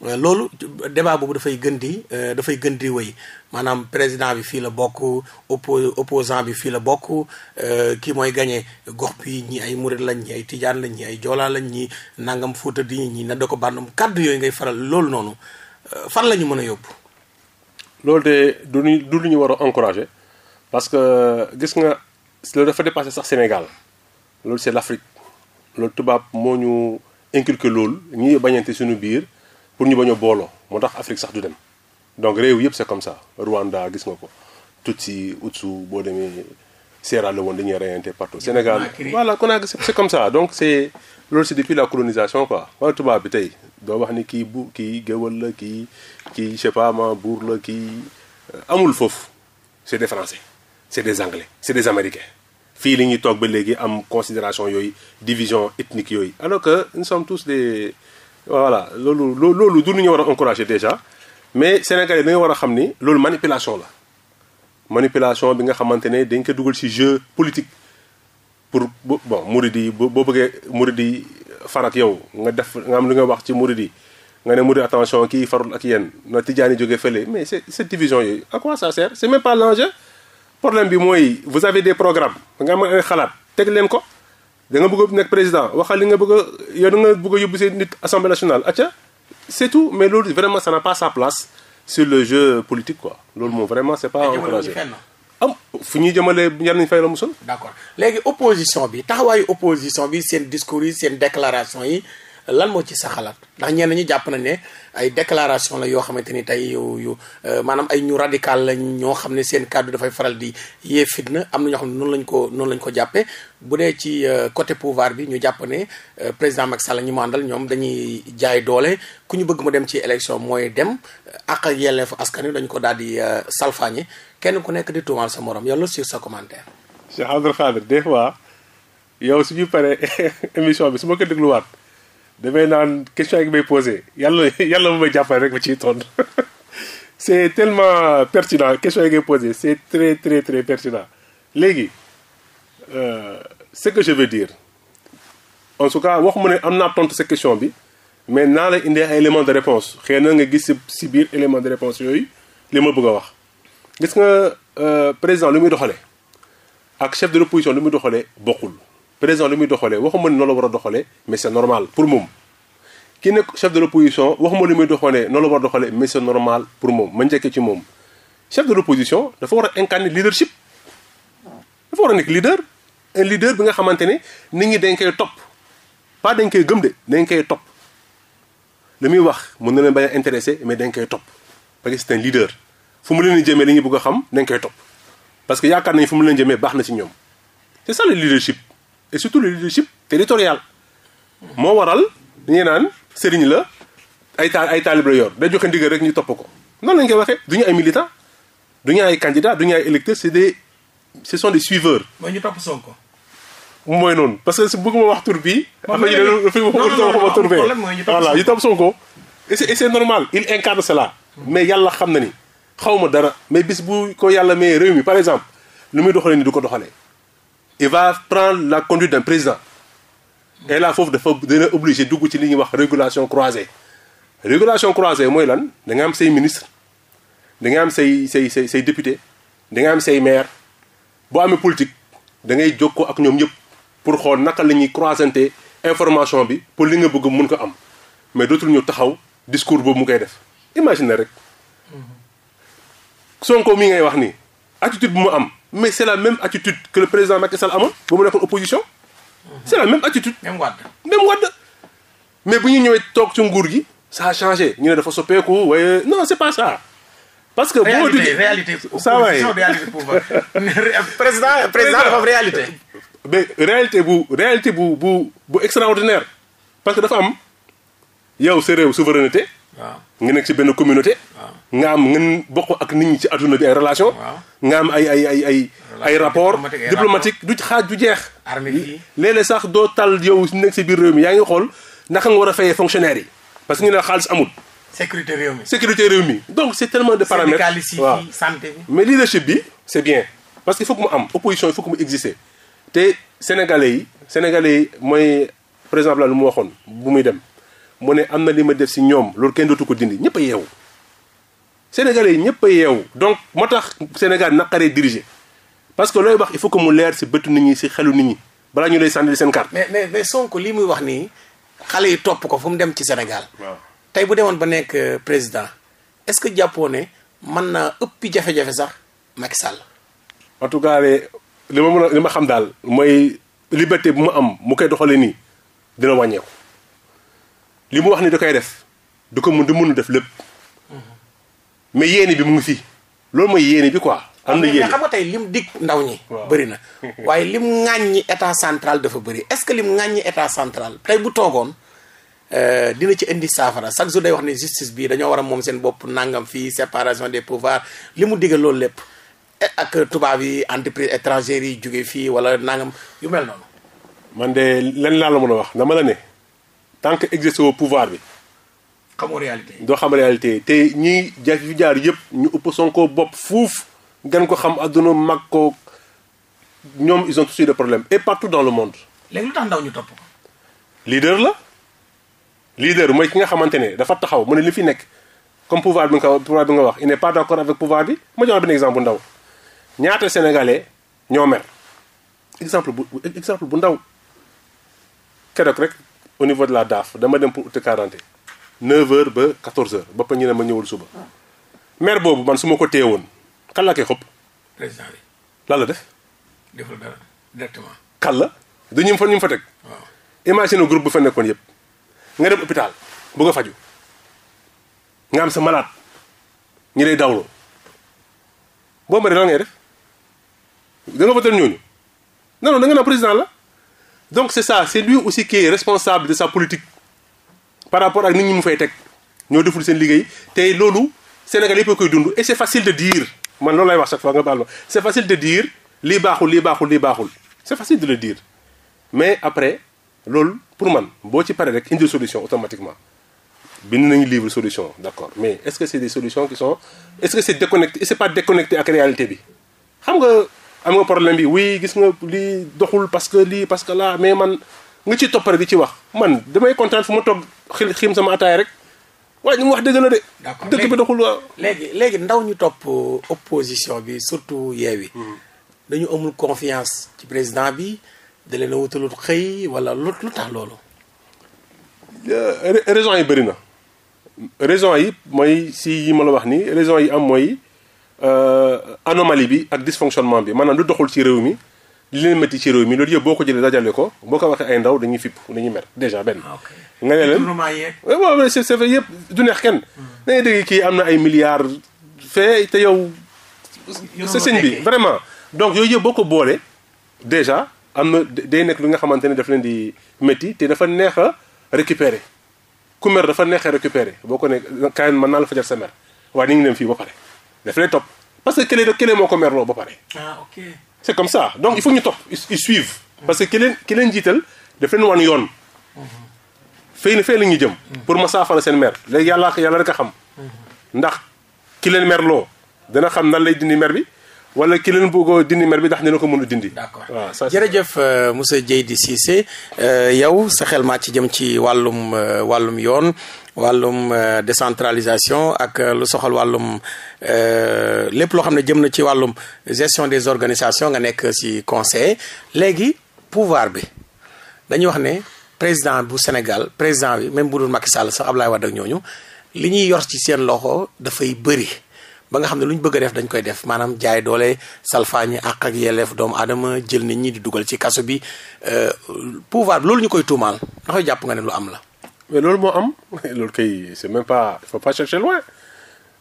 loolu débat boobu dafay gën di euh, dafay gën di wéy maanaam président bi fii la bokk oppo bi fii la bokk euh, kii mooy gagné gox bi ñi ay murit lañ ay tijaan lañ ñi ay joolaa lañ ñi nangam Fuuta di ñi na da ko bàndum kàddu yooyu ngay faral loolu noonu euh, fan la ñu mën a yóbbu. loolu de du lu lu ñu war a encourager parce que gis nga loolu dafa dépassé sax Sénégal loolu c'est l'Afrique loolu tubaab moo ñu inculqué loolu ñuy bañante suñu biir. pour ñu bañ a booloo moo tax Afrique sax du dem donc réew yëpp c'est comme ça Rwanda gis nga ko Tutsi Hutu boo demee Sierra woon dañuy reyante partout Sénégal voilà kon nag c'est comme ça donc c'est loolu c'est depuis la colonisation quoi wala tubaab bi tey doo wax ni kii bu kii géwal la kii kii je sais pas ma buur la kii euh, amul foofu c'est de Français c'est des Anglais c'est des Américains fii li ñuy toog ba léegi am considération yooyu division ethnique yooyu voilà loolu loolu du lu ñu war a encourager déjà mais Sénégalais dañoo war a xam ni loolu manipulation la manipulation bi nga xamante ne dañ ko dugal ci jeu politique pour bon murid yi boo bëggee murid yi farat yow nga def nga am lu nga wax ci murid yi nga ne murid attention kii farul ak yéen na tijaani jóge fële mais c'est cette division yooyu à quoi ça sert c'est même pas l'enjeu problème bi mooy vous avez des programme nga am ay xalaat teg leen ko da nga bëgg a nekk président waxal li nga bëgg a yow da nga bëgg a yóbbu seen nit assemblée nationale acca c'est tout mais loolu vraiment ça n'a pas sa place sur le jeu politique quoi loolu moom vraiment c'est pas encouragé am fu ñuy jëmalee yar nañu fay la musul d'accord léegi opposition bi taxawaayu opposition bi seen discours yi seen déclaration yi lan moo ci sa xalaat ndax ñenn ñi jàpp nañ ne ay déclaration la yoo xamante ni tey yu yu euh, maanaam ay ñu radical lañ ñoo xam ne seen kàddu dafay faral di yee fitna am na ñoo xam ne noonu lañ ko noonu lañ ko jàppee bu dee ci euh, côté pouvoir bi ñu jàpp ne euh, président Macky la ñu mu ñoom dañuy jaay doole ku ñu bëgg mu dem ci élection mooy dem ak yelleefu askan wi dañu ko daal di salfaañe kenn ku nekk di tuumaal sa moroom yow la sur sa commentaire. Cheikh Abdou Khadir des fois yow suñu paree émission bi su ma ko dégluwaat. damay naan question yi may posé yàlla yàlla mu may jàppale rek ma ciy tontu c'est tellement pertinent question yi ngay posé c'est très très très pertinent léegi euh, ce que je veux dire en tout cas waxuma ne am naa tontu sa question bi mais naa la indee ay éléments de réponse xëy na nga gis si si biir élément de réponse yooyu li ma bëgg a wax gis nga euh, président lu muy doxalee ak chef de l'opposition lu muy doxalee bokkul président li muy doxalee waxuma ni noonu la war a doxalee mais c'est pour moom ki nekk chef de l'opposition waxuma li muy doxalee noonu la war a doxalee mais c'est pour moom ma njëkkee ci moom chef de l'opposition dafa war a incarner leadership dafa war a nekk leader un leader bi nga xamante ni nit ñi dañ koy topp pas dañ koy gëm de dañ koy topp li muy wax mën na leen bañ a mais dañ koy topp parce que c'est leader fu mu leen di jëmee li ñu bëgg a xam dañ koy topp parce que yaakaar nañu fu mu leen jëmee baax na ci ñoom c'est et surtout le leadership territorial moo waral dañuy naan sëriñ la ay taal ay taalib la yor day joxe ndigal rek ñu topp ko noonu lañ koy waxee du ñu ay militant du ñu ay candidat du ñu ay électeurs c'est des ce sont des suiveurs. mooy ñu topp Sonko. mooy noonu parce que bëgguma wax tur bii. moom léegi non non ñu voilà ñu topp Sonko. et c'est et c'est normal il incarne cela. mais yàlla xam na ni xaw ma dara mais bis bu ko yàlla mayee réew mi par exemple lu muy doxalee ni du ko doxalee. il va la conduite d'un président et là foofu dafa dina obligé dugg ci li ñuy wax régulation croisée régulation croisée mooy lan da nga am say ministre da nga am say say say say député da nga am say maire boo amee politique dangay ngay jokkoo ak ñoom ñëpp pour xool naka la ñuy croisante information bi pour li nga bëgg mun ko am mais dootul ñu taxaw discours boobu mu koy def imagine rek mm-hmm. Sonko mi ngay wax nii attitude bi mu am mais c' est la même attitude que le président Macky Sall amoon ba mu nekkoon opposition. c' est la attitude. même Wade même mais bu ñu ñëwee toog ci nguur gi sa a changé ñu ne dafa soppeeku waaye non c' est pas ça. parce que boo duggee réalité ça waay président président dafa am réalité. mais réalité bu réalité bu bu bu extraordinaire parce que dafa am yow sa réew souveraineté. waaw nga nekk ci benn communauté. nga am ngeen bokk ak nit ñi ci adduna bi ay relation nga am ay ay ay ay ay rapport diplomatique du xaaj du jeex léeg-léeg sax doo tal yow nekk si biir réew mi yaa ngi xool ndax nga war a fayee fonctionnaire yi parce que ñu ne xaalis amul sécurité réew mi réew mi donc c' est tellement de paramètres waaw santé bi mais leadership bi c' est bien parce que il faut mu am opposition il faut que mu exister te sénégalais yi sénégalais yi mooy par exemple la lu mu waxoon bu muy dem mu ne am na li ma def si ñoom loolu kenn dootu ko dindi ñëpp a sénégalais yi ñëpp a yeewu donc moo tax Sénégal naqaree diriger parce que looy wax il faut que mu leer si bëtu nit ñi si xelu nit ñi balaa ñu lay sànni seen carte. mais mais mais Sonko lii muy wax nii xale yi topp ko fu mu dem ci Sénégal. waaw tey bu demoon ba nekk euh, président est-ce que jàppoo ne man naa ëppi jafe-jafe sax Macky Sall. en tout cas li ma mën a li ma xam daal mooy liberté bu mu am mu koy doxalee nii dina wàññeeku li mu wax ni da koy def du ko mun du mun def lépp. mais yéene bi mu ngi fi loolu mooy yéene bi quoi. am na yéene xam nga tey lim dig ndaw ñi. bëri na waaye lim ŋàññi état central dafa bëri est-ce que lim ŋàññi état central tey bu toogoon. Euh, dina ci indi saafara chaque jour day wax ne justice bi dañoo war moom seen bopp nangam fii séparation des pouvoirs li mu digal loolu lépp eh, ak tubaab yi entreprise étrangère yi jóge fii wala nangam yu mel noonu. man de lenn laa la mën a wax dama la ne tant que exercer au pouvoir bi xamoo réalité doo xam réalité te ñiy jaar fi jaar yëpp ñu ëpp Sonko bopp fuuf gën ko xam adduna mag ko ñoom ils ont tous eu des et partout dans le monde. léegi lu tax ndaw ñu topp ko. leader la leader mooy ki nga xamante ne dafa taxaw mu ne li fi nekk comme pouvoir bi nga pouvoir bi nga wax il n'est pas d'accord avec pouvoir bi ma jox la benn exemple bu ndaw ñaata sénégalais ñoo mer exemple bu exemple bu ndaw keroog rek au niveau de la DAF dama dem pour te quarante 9h ba 14h ba pa ñu ne ma ñëwul suba. maire boobu man su ma ko téye woon kan laa koy xob. président bi. lan la def. deful dara directement. kan ñu fa ñu fa teg. waaw imagine groupe bu fa nekkoon yëpp. nga dem hôpital bëgg a faju nga am sa malade ñi lay dawloo boo mënee lan ngay def da nga voté ñooñu non non da nga naan président la donc c'est ça c'est lui aussi qui est responsable de sa politique. par rapport ak nit ñi mu fay teg ñoo deful seen liggéey tey loolu Sénégal yëpp koy dund et c'est facile de dire man loolu lay wax chaque fois nga baal ma c'est facile de dire lii baaxul lii baaxul lii baaxul c'est facile de le mais après loolu pour man boo ci paree rek indi solution automatiquement bind nañu livre solution d'accord mais est-ce que c'est des solutions qui sont est-ce que c'est déconnecté ak réalité bi xam nga am nga problème bi oui gis nga lii doxul parce que lii parce que là mais nga ci toppare di ci wax man damay kontaan fu ma toog xiim sama ataay rek waaye ñu mu wax dëgg la de. dëkk bi doxul waaw. léegi léegi ndaw ñu topp opposition bi surtout Yewwi hmm. dañu amul confiance ci président bi da leen a xëy wala lu lu tax loolu. Euh, raison yi bëri na raison yi mooy si yi ma la wax nii raison yi am mooy euh, anomalie bi ak dysfonctionnement bi maanaam lu doxul ci réew mi. li leen métti ci réew mi loolu yëpp boo ko jëlee dajale ko boo ko waxee ay ndaw dañuy fipp dañuy mer déjà benn. Ah, nga ne leen waaw eh, c'est c'est vrai yëpp du neex kenn. Hmm. kii am na ay milliards te yow. sa bi vraiment. donc yooyu yëpp boo ko boolee déjà am na day nekk lu nga xamante ne daf leen di métti te dafa neex a récupérer ku mer dafa neex a récupérer boo ko ne kaay mën naa la fajar sa mer waaye ni ngi dem fii ba pare daf lay topp parce que kële kële moo ko merloo ba pare. ah c'est comme ça donc il faut ñu topp ils suivent parce que ki leen ki leen jiital daf leen wan yoon fay na fay la ñuy jëm pour ma saafara seen mer léegi yàlla yàlla rek a xam ndax ki leen mer loo dana xam nan lay dindi mer bi wala ki leen bëggoo dindi mer bi ndax dina ko mën a dindi. d'accord waaw jërëjëf euh, monsieur Dieydi Cissé euh, yow sa xel maa ci jëm ci wàllum euh, wàllum yoon wàllum euh, décentralisation ak euh, lu soxal wàllum euh, lépp loo xam ne jëm na ci wàllum gestion des organisations nga nekk ci conseil léegi pouvoir bi dañuy wax ne président bu Sénégal président bi même bu dul Macky Sall sax Abdoulaye Wade ak ñooñu li ñuy yor ci seen loxo dafay bëri ba nga xam ne lu ñu bëgg a def dañ koy def maanaam jaay doole salfaañi àq ak yelleef doomu aadama jël nit ñii di dugal ci kaso bi pouvoir bi loolu ñu koy tuumaal ndax jàpp nga ne lu am la. mais loolu moo am loolu kay c'est même pas il faut pas chercher loin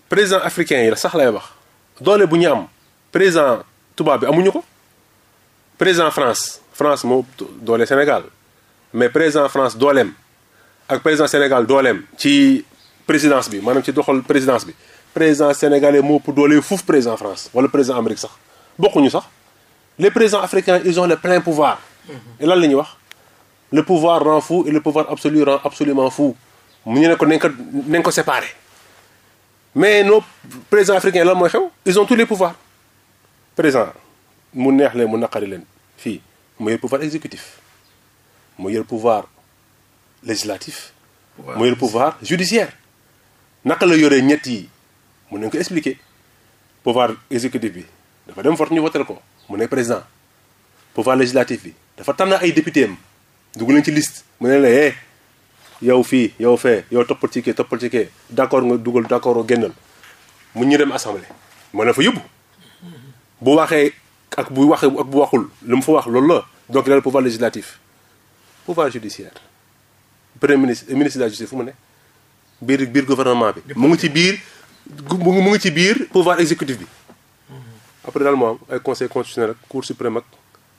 président africain yi la sax lay wax doole bu ñu am président tubaab bi amuñu ko président France France moo doole Sénégal mais président France dooleem ak président Sénégal dooleem ci présidence bi maanaam ci doxal présidence bi président sénégalais moo ëpp doole fuuf président France wala président Amérique sax bokkuñu sax les présidents africains ils ont le plein pouvoir. lan la ñuy wax. le pouvoir rend foo et le pouvoir absolu rend absolument fou mu ñu ne ko nañ ko nañ ko séparé mais nos présidents africains la mooy xew ils ont tous les pouvoirs président mu neex leen mu naqari leen fii mu yor pouvoir exécutif mu yor pouvoir législatif mu yor pouvoir judiciaire naka la yoree ñetti yi mun nañ ko expliquer pouvoir exécutif bi dafa dem fort ñu voté ko mu nekk président pouvoir législatif bi dafa tànn ay député dugg leen ci liste mu ne la eh yow fii yow fee yow toppal ci kii toppal d'accord nga dugal d'accord nga génnal mu ñu dem assemblée. moo ne fa yóbbu bu waxee ak bu waxee ak bu waxul lu mu fa wax loolu la donc il a le pouvoir législatif pouvoir judiciaire premier ministre euh, ministre de la fu mu ne biir biir gouvernement bi. mu ngi ci biir mu ngi ci biir pouvoir exécutif bi. Mm-hmm. après daal moo ay conseil constitutionnel ak cour suprême ak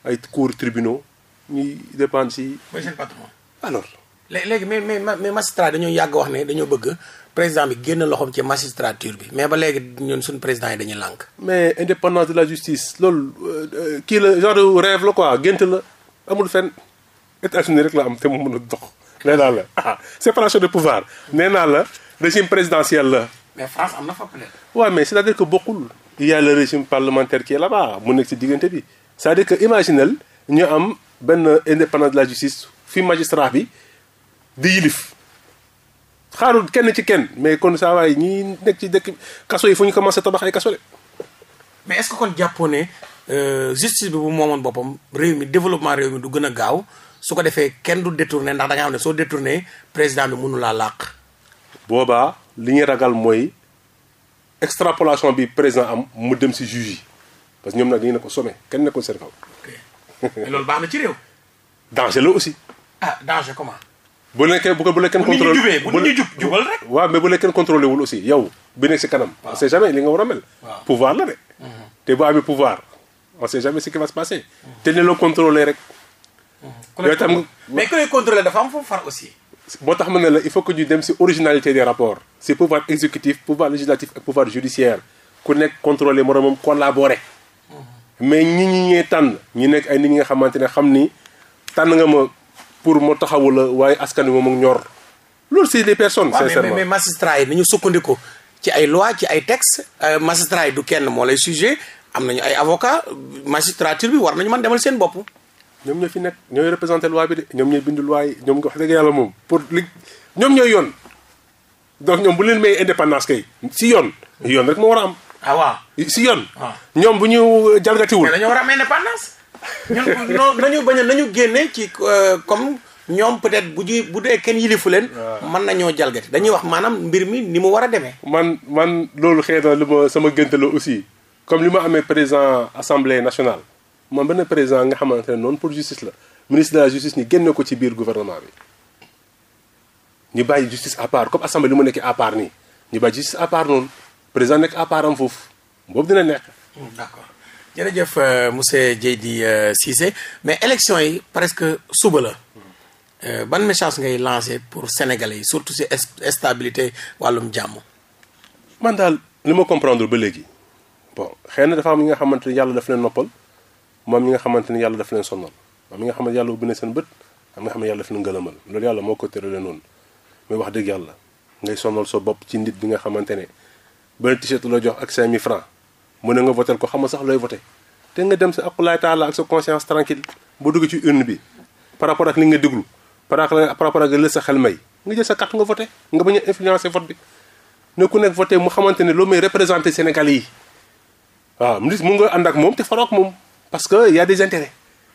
ay cour tribunaux. ñuy dépendre si. mooy seen patron. alors léegi mais mais mais magistrat dañoo yàgg wax ne dañoo bëgg président bi génn loxoom ci magistrature bi mais ba léegi ñun suñu président yi dañuy lànk. mais indépendance de la justice loolu euh, euh, kii la genre rêve la gént la amul fenn États-Unis rek mu a dox. nee naa la ah séparation de pouvoir nee la régime présidentiel mais France am na fa peut-être. waaw mais c'est-à-dire que bokkul. il y a le régime parlementaire nekk ci diggante bi c'est-à-dire que imaginel ñu am. benn indépendance de la justice fi magistrat bi di yilif xaarul kenn ci kenn mais kon saa waay ñi nekk ci dëkk kaso yi fu ñu commencé tabax ay kaso de. mais est-ce que kon jàppoo ne euh, justice bi bu moomoon boppam réew mi développement réew mi du gën a gaaw su ko defee kenn du détourné ndax da am xam ne soo détourné président bi munu laa làq. boobaa li ñu ragal mooy extrapolation bi président am mu dem si juge yi parce que ñoom nag ñu ne ko sommet kenn nekkul seen mais loolu baax na ci réew. danger la aussi. ah danger comment. bu nekkee bu ko bu nekkee. contrôle bu nit ñi jubee bu nit wul aussi yow bi nekk si kanam. on sait jamais li nga war a la de. Mhm. te bu amee pouvoir on sait jamais ce qui va se passer. Mhm. te ne loo contrôlé rek. Mhm. yooyu tam mais ku lay contrôlé dafa am foofu far aussi. boo tax ma ne la il faut que ñu dem si originalité des rapports. si pouvoir exécutif pouvoir législatif ak pouvoir judiciaire ku nekk contrôlé moromam collaborer. mais ñi ñi ñee tànn ñi nekk ay nit ñi nga xamante ne xam ni tànn nga ma pour ma taxawu la waaye askan wi moom ñor loolu c'est des personnes sincèrement mais mais magistrat yi nañu sukkandiku ay loi ci ay texte euh, magistrat yi du kenn moo lay sujet am nañu ay avocat magistrature bi war nañu man demal seen bopp ñoom ñoo fi nekk ñooy représenté loi bi de ñoom ñooy bind loi yi ñoom wax dëgg yàlla moom pour li ñoom ñooy yoon donc ñoom bu leen may indépendance kay si yoon yoon rek moo war a am ah waaw si yoon. Ah. ñoom bu ñu jalgatiwul. dañoo war a am indépendance. ñun non nañu bañ nañu génne ci euh, comme ñoom peut-être bu ji bu dee kenn yilifu leen. Ah. mën nañoo jalgati dañuy wax maanaam mbir mi ni mu war a demee. man man loolu xëy na li ma sama gënt la aussi comme li ma amee président assemblée nationale man benn président nga xamante ne noonu pour justice la ministre de la justice ñu génne ko ci biir gouvernement bi. ñu bàyyi justice à part comme assemblée li mu nekk à part nii ñu bàyyi justice à part noonu. président nekk à part am foofu boobu dina nekk. Mm, d'accord jërëjëf euh, monsieur Dieydi euh, Cissé mais élection yi presque suba la. Euh, ban message ngay lancé pour sénégalais yi surtout si stabilité wàllum jàmm. man daal li ma comprendre ba léegi bon xëy na dafa am ñi nga xamante ni yàlla daf leen noppal moom ñi nga xamante ni yàlla dafa leen sonnal am ñi nga xam ne yàlla ubbi na seen bët am nga xam ne yàlla daf leen gëlëmal loolu yàlla moo ko leen noonu mais wax dëgg yàlla ngay sonnal sa bopp ci nit bi nga xamante ne. ba t-shirt la jox ak 5000 francs nga votel ko xam nga sax looy voté te nga dem sa aqulaay taala ak sa conscience tranquille ba dugg ci urne bi par rapport ak li nga déglu par rapport ak li sa xel may nga sa carte nga voté nga bañ a influencé bi ku nekk voté mu xamante ne loolu may représenté Sénégalais yi waaw mu mun nga ànd moom te farook moom parce que y a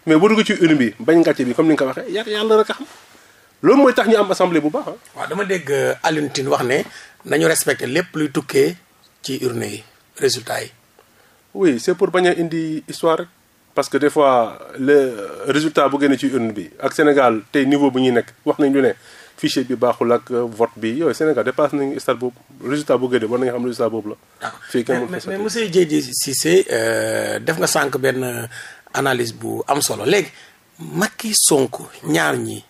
mais ba ci urne bi bañ ngàcce bi comme ni nga ko waxee yàlla rek a xam loolu mooy tax ñu am assemblée bu baax ah. waa dama dégg euh, Alioune Tine wax ne nañu respecté lépp luy tukkee ci urne yi résultat yi. oui c'est pour bañ a indi histoire rek. parce que des fois le résultat bu génne ci urne bi ak Sénégal tey niveau bu ñuy nekk wax nañ lu ne fichier bi baaxul ak vote bi yooyu Sénégal dépassé nañu stade boobu résultat bu génne war nañu xam résultat boobu la. fii kenn mais mais monsieur Diédié Cissé euh, def nga sànq benn analyse bu am solo léegi Macky sonk ñaar ñi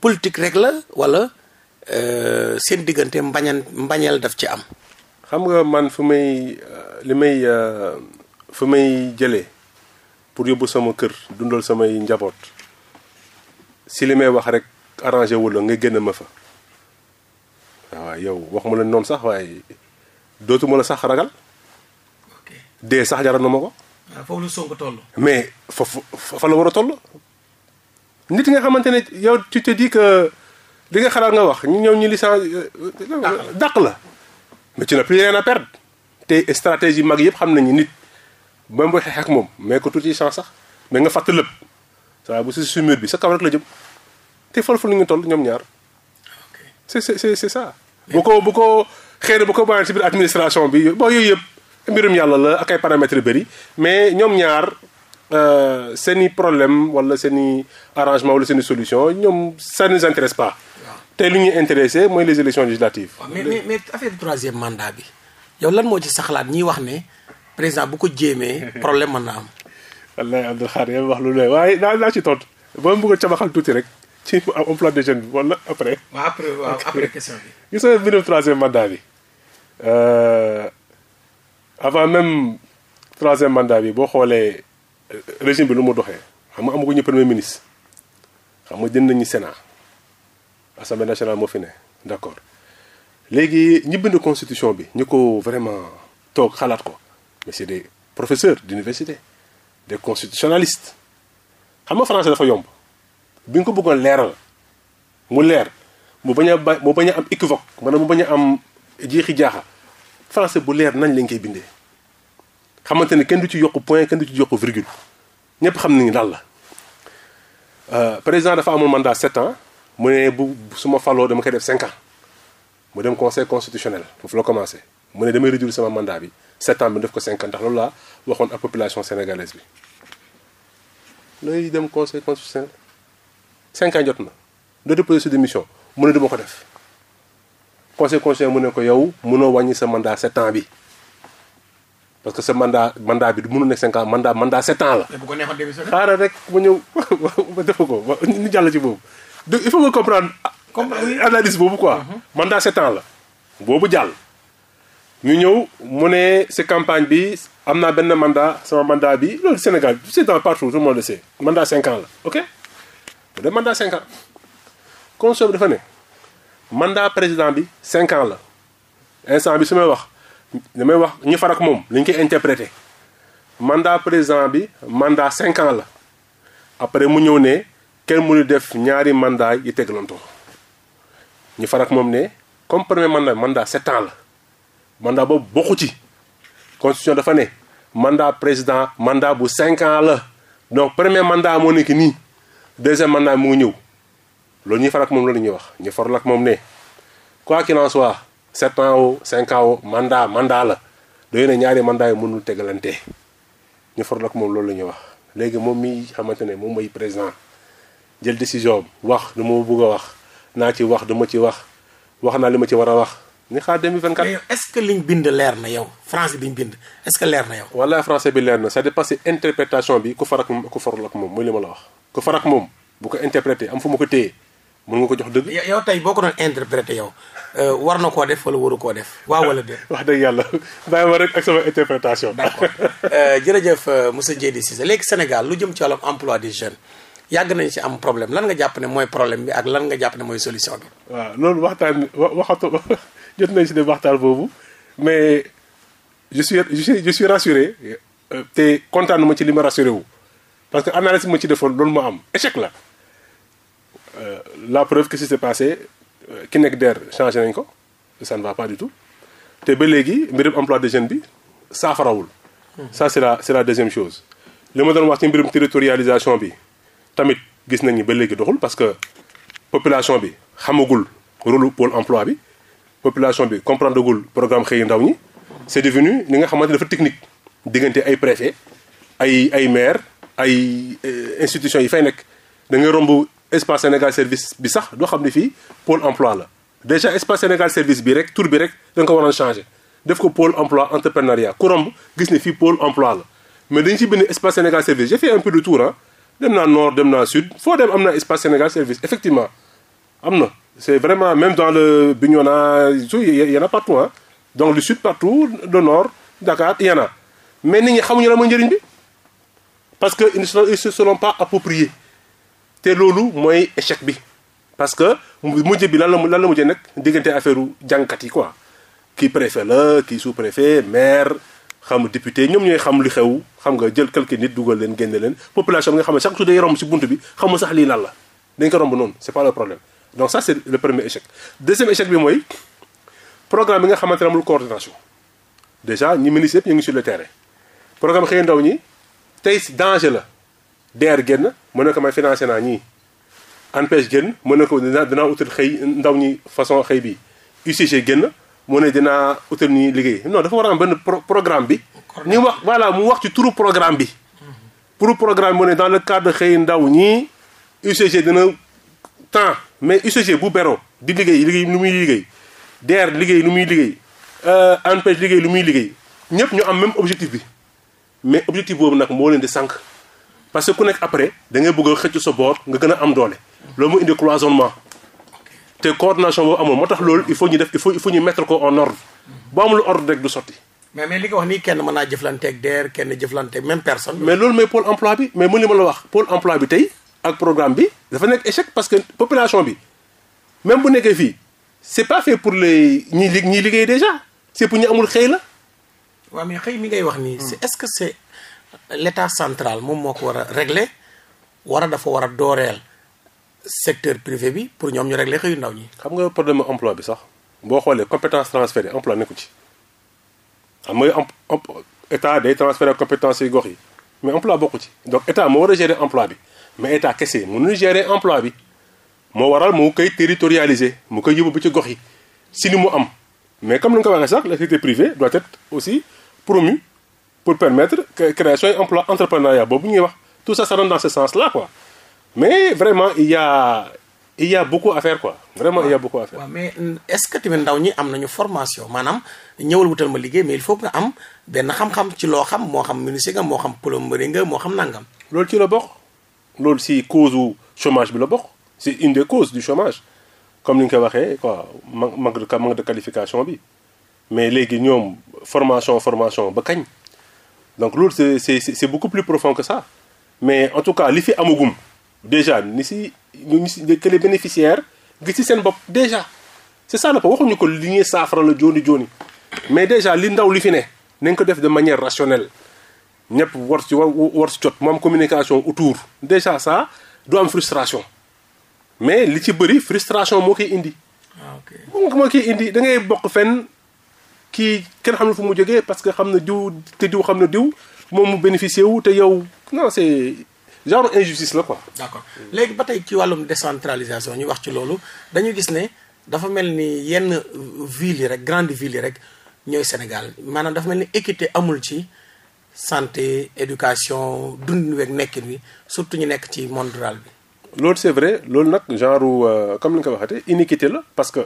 politik rek la wala euh, seen diggante mbañan mbañeel daf ci am. xam nga man fu may euh, li may euh, fu may jëlee pour yóbbu sama kër dundal samay njaboot si li may wax rek arrangé wu la nga ma fa ah waaw yow wax ma la noonu sax waaye dootuma la sax ragal dee sax jaral na ma ko. Ah, foofu la Sonko toll. mais foofu fa la war a toll. nit nga xamante ne yow tu di dis li nga xalaat nga wax ñu ñëw ñu licence euh, dàq la. mais tu n'as plus rien à perdre te stratégie mag yëpp xam nañu nit même booy xeex ak moom mais ko tuuti chance sax mais nga fàtt lépp saa bu si si mur bi sa kaw rek la jëm te fol fol ñu toll ñoom ñaar c'est c'est c'est ça. bu ko bu ko xëy na bu ko bàyyi si biir administration bi bon yooyu yëpp mbirum yàlla la ak ay paramètres yu bëri mais ñoom ñaar. Euh, seen i problème wala seen i arrangement wala seen i solution ñoom ça ne nous intéresse pas tey lu ñuy intéressé mooy les élections législatives. mais mais mais affaire troisième mandat bi yow lan moo ci saxlaat ñiy wax ne président bu ko jéemee problème man na am. wallaay Abdou Khare yow wax lu lay waaye daal naa ci tontu ba mu bëgg a cabaxal tuuti rek ci emploi des jeunes bi wala après. waaw après waaw après question bi. gis nga mbirum troisième mandat bi euh, avant même troisième mandat bi boo xoolee euh, régime bi lu mu doxee xam nga amaguñu premier ministre xam nga jënd nañu Sénat. assemblée nationale moo fi ne d' accord léegi ñi bind constitution bi ñu ko vraiment toog xalaat ko mais c' est des professeurs d' université des constitutionnalistes xam nga français dafa yomb bi nga ko bëggoon leeral mu leer mu bañ a ba mu bañ a am équivoque na mu bañ a am jeexi jaaxa français bu leer nañ lañ koy bindee xamante ne kenn du ci yokk point kenn du ci yokk virgule ñëpp xam nañu lan la euh, président dafa amoon mandat sept ans mu ne bu su ma faloo dama koy def cinq ans mu dem conseil constitutionnel foofu la commencé mu ne damay réduire sama mandat bi sept ans bi def ko cinq ans ndax loolu laa waxoon ak population sénégalaise bi looy dem conseil constitutionnel cinq ans jot na doo déposé sa démission mu ne duma ko def conseil constitutionnel mu ne ko yow munoo wàññi sa mandat sept ans bi parce que sa mandat mandat bi du mënul nekk cinq ans mandat mandat sept ans la. xaaral rek mu ñëw ba ko ba jàll ci boobu. donc il faut nga comprendre analyse boobu quoi mhm. mandat sept la boobu jàll ñu ñëw mu ne si campagne bi am naa benn mandat sama mandat bi loolu Sénégal c'est dans partout tout le monde le sait mandat cinq ans la ok mu def mandat cinq ans constitution bi dafa président bi cinq la instant bi su may wax damay wax ñu far moom li ñu koy interprété mandat président bi mandat cinq ans la après mu ñëw ne kenn mënu def ñaari mandat yi teglantoo ñu farak moom ne comme premier mandat mandat sept ans la mandat boobu bokku ci constitution dafa ne mandat président mandat bu cinq ans la donc premier mandat moo nekk nii deuxième mandat mu ñëw loolu ñuy farak moom loolu ñuy wax ñu faral ak moom ne quoi qu'il en soit sept ans cinq ans o mandat mandat la doy ne ñaari mandat yi mënul tegalante ñu faral ak moom loolu la ñuy wax léegi moom mi xamante ne moom mooy président jël décision am wax dama bëgg a wax naa ci wax dama ci wax wax naa li ma ci war a wax. ni xaar 2024 mais yow est-ce que liñ bind leer na yow france bi ñu bind est leer na yow. wala français bi leer na c'est dépassé interprétation bi ku farak ku farul ak moom mooy li ma la wax. ku farak moom bu ko interprété am fu ma ko téye mën nga ko jox dëgg. yow tey boo ko doon interprété yow euh, war na koo def wala waru koo def. waaw wala de wax dëgg yàlla bàyyi ma rek ak sama interprétation. d'accord euh, jërëjëf euh, monsieur Dieydi Cissé léegi Sénégal lu jëm ci wàllum emploi des jeunes. yàgg nañ ci am problème lan nga jàpp ne mooy problème bi ak lan nga jàpp ne mooy solution bi. loolu waxtaan waxatu jot nañ ci def waxtaan boobu mais je suis je suis je suis rassuré euh, te kontaan ma ci li ma rassuré wu. parce que analyse bi ma ci defoon loolu moo am échec la euh, la preuve que ce qui s'est euh, ki nekk DER changé nañ ko ça ne va pas du tout te ba léegi mbirum emploi de jeune bi saafarawul. ça c'est la c'est la deuxième chose. li ma doon wax ci mbirum territorialisation bi. tamit gis nañ ni ba léegi doxul parce que population bi xamagul rôle pôle emploi bi population bi comprendre gul programme xëy ndaw ñi c'est devenu li nga xamante dafa technique diggante ay préfet ay ay maire ay euh, institutions yi fay nekk da ngay romb espace Sénégal service bi sax doo xam ne fii pôle emploi la déjà espace Sénégal service bi rek tur bi rek da nga ko waroon changer def ko pôle emploi entrepreneuriat ku romb gis ne fii pôle emploi la mais dañu ci bind espace service j'ai fait un dem naa noor dem naa sud foo dem am na espace Sénégal service effectivement am na c'est vraiment même dans le Bignona y en a partout ah donc le sud partout le nord Dakar y mais nit ñi xamuñu la mooy njëriñ bi parce que ils ne se seront pas appropriés te loolu mooy échec bi parce que mujj bi lan la lan la mujjee nekk diggante affaire jàngkat yi quoi kii préfet la kii sous-préfet maire xam député ñoom ñooy xam lu xew xam nga jël quelque nit dugal leen génne leen population bi nga xam ne chaque jour day romb si bunt bi xamul sax lii lan la dañ ko romb noonu c'est pas le problème donc ça c'est le premier échec deuxième échec bi mooy programme bi nga xamante ne amul coordination déjà ñi ministre yëpp ñu ngi sur le terrain programme xëy ndaw ñi tey si danger la DER génn mën na ko may financé naa ñii ANPEJ génn mën na ko dinaa dinaa xëy ndaw ñi façon xëy bi UCG génn mu ne dinaa utal ni liggéey non dafa war a am benn programme bi ni wax voilà mu wax ci turu programme bi pour programme mu ne dans le cadre xëy ndaw ñii UCG dina temps mais UCG bu beroo di liggéey liggéey lu muy liggéey DER liggéey lu muy liggéey ANPEJ liggéey lu muy liggéey ñëpp ñu am même objectif bi mais objectif boobu nag moo leen di sànq parce que ku nekk après da ngay bëgg a xëcc sa boor nga gën a am doole loolu moo indi cloisonnement te coordination boobu amul moo tax loolu il faut ñu def il faut il faut ñu mettre ko en ordre bu amul ordre rek du sotti. mais mais li nga wax nii kenn mën naa jëflanteeg DER kenn jëflanteeg même personne. mais loolu mooy pôle emploi bi mais mën li ma la wax pôle emploi bi tey ak programme bi dafa nekk échec parce que population bi même bu nekkee fii c'est pas fait pour les ñi li ñi liggéey déjà c'est pour ñu amul xëy la. waaw mais xëy mi ngay wax nii. est-ce que c'est l'état central moom moo ko war a régler war a dafa war a dooreel. secteur privé bi pour ñoom ñu régler xëyu ndaw ñi. xam nga problème emploi bi sax boo xoolee compétence transférée emploi nekku ci xam nga am état day transférer compétence yu gox yi mais emploi bokku ci donc état moo war a gérer emploi bi mais état kese mënuñu gérer emploi bi moo waral mu koy territorialiser mu koy yóbbu bu ci gox yi si ni mu am mais comme ni nga ko waxee sax le secteur privé doit être aussi promu pour permettre que création emploi entrepreneuriat boobu ñuy wax tout ça ça rentre dans ce sens quoi mais vraiment il y il y a beaucoup à faire quoi. vraiment il y beaucoup à mais mm, est-ce ndaw ñi am nañu formation maanaam ñëwal wutal ma liggéey mais il faut nga am benn xam-xam ci loo xam moo xam menuisier nga moo xam plomberie nga moo xam nangam. loolu ci la bokk loolu si cause u chômage bi la bokk c'est une des causes du chômage comme ni nga ko waxee quoi manque de manque de qualification bi mais léegi ñoom formation formation ba kañ donc loolu c'est c'est c'est beaucoup plus profond que ça mais en tout cas li fi amagum. déjà ni si ñu si que les bénéficiaires gis ci seen bopp déjà c'est ça na ko waxuñu ko li ñuy saafaral la jooni mais déjà li ndaw li fi ne nañ ko def de manière rationnelle ñëpp war ci war ci jot moom am communication autour déjà ça du am frustration mais li ci bëri frustration moo koy indi. waaw ah, moo koy indi da ngay bokk fenn kii kenn xam ne fu mu jógee parce que xam na diw te diw xam ne diw moom mu bénéficier wu te yow non c'est genre injustice la ko d' accord léegi ba tey ci wàllum décentralisation ñu wax ci loolu dañu gis ne dafa mel ni yenn villes yi rek grande ville yi rek ñooy Sénégal maanaam dafa mel ni équité amul ci santé éducation dundin weeg nekkin wi surtout ñu nekk ci monde rural bi. loolu c' est vrai loolu nag genre euh, comme ni nga ko waxatee iniquité la parce que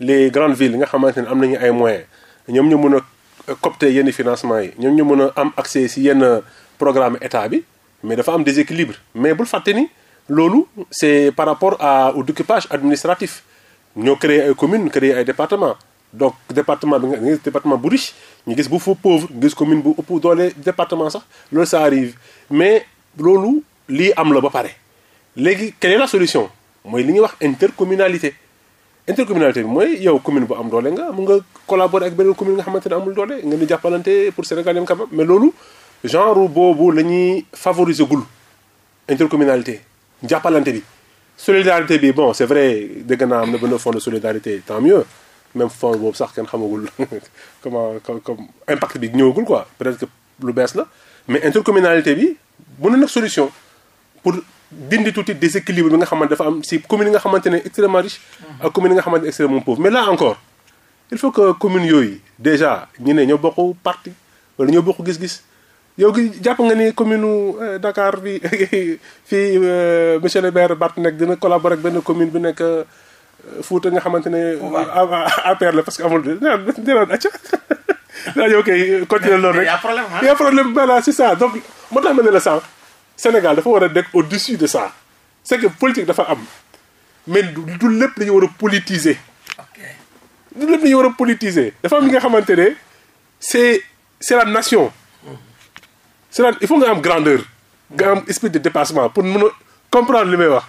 les grandes villes yi nga xamante ne am nañu ay moyens ñoom ñu mën a copter yenn financement yi ñoom ñu mën a am accès si yenn programme état bi. mais dafa am déséquilibre mais bul fàtte ni loolu c' est par rapport a au découpage administratif ñoo créé ay commune créé ay départements donc département bi nga gis département bu riche ñu gis bu fa pauvre gis commune bu ëpp doole département sax loolu ça arrive mais loolu lii am la ba pare léegi quelle est la solution mooy li ñuy wax intercommunalité intercommunalité bi mooy yow commune bu am doole nga mun nga collaborer ak beneen commune nga xamante ne amul doole ngeen di loolu genre boobu la ñuy favoriser gul intercommunalité jàppalante bi solidarité bi bon c'est vrai dégg naa am na benn fonds de solidarité tant mieux même fonds boobu sax kenn xamagul comment comme impact bi ñëwagul quoi peut-être que lu bees la mais intercommunalité bi mën na nag solution pour dindi tuuti déséquilibre bi nga xamante dafa am si commune yi nga xamante ne extrêmement riche ak commune yi nga xamante ne extrêmement pauvre mais là encore il faut que commune yooyu déjà ñu ne ñoo bokk parti wala ñoo bokk gis-gis yow gi jàpp nga ni commune euh, Dakar bi fii euh, monsieur le maire Barthélémy dina collaborer rek benn commune bi nekk euh, Fouta nga xamante ne. APR la parce que amul dina dina acca. daa yow kay continuer loolu rek y' a problème ah y' a moo tax ma ne la sànq Sénégal dafa war a nekk au dessus de ça c' que politique dafa am mais du lépp la ñu war a politiser. ok du lépp la ñu war a politiser. dafa am li nga xamante ne c' est c' la nation. c'est-à-dire il faut nga am grandeur. nga am esprit de dépassement pour mën a comprendre li may wax.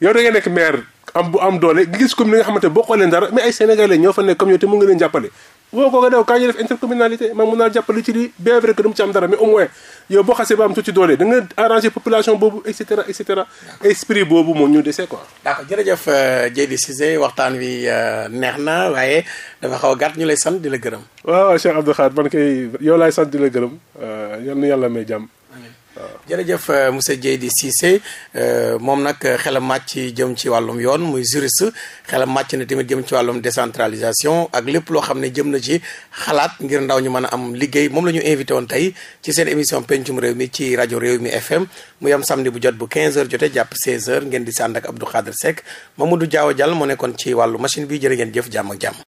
yow da nga nekk maire am bu am doole gis commune nga xamante bokkoo leen dara mais ay sénégalais ñoo fa nekk comme yow te mën nga leen jàppale. woo ko nga dew kaay ñu def intercommunalité man mun naa jàppale ci lii bien vrai que du mu ci am dara mais au moins yow boo xasee ba am tuuti doole da arranger population boobu et cetera et cetera esprit boobu moom ñu dese quoi. d'accord jërëjëf Dieydi euh, Cissé waxtaan wi euh, neex na waaye dafa xaw a ñu lay sant di la gërëm. waaw Cheikh Abdou Khadre man kay yow laay sant di la gërëm euh, yal na yàlla may jàmm. jërëjëf euh, monsieur Dieye di Cissé euh, moom nag euh, xelam màcc jëm ci wàllum yoon muy juriste xelam màcc na tamit jëm ci wàllum décentralisation ak lépp loo xam ne jëm na ci xalaat ngir ndaw ñu mën a am liggéey moom la ñu invité woon tey ci seen émission pencum réew mi ci rajo réew mi FM mu yam samedi bu jot bu 15h jotee jàpp 16h ngeen di sànd ak Abdou Khadre Seck Mamadou Diaw Dial moo nekkoon ci wàllu machine bi jërë ngeen jëf jàmm ak jàmm.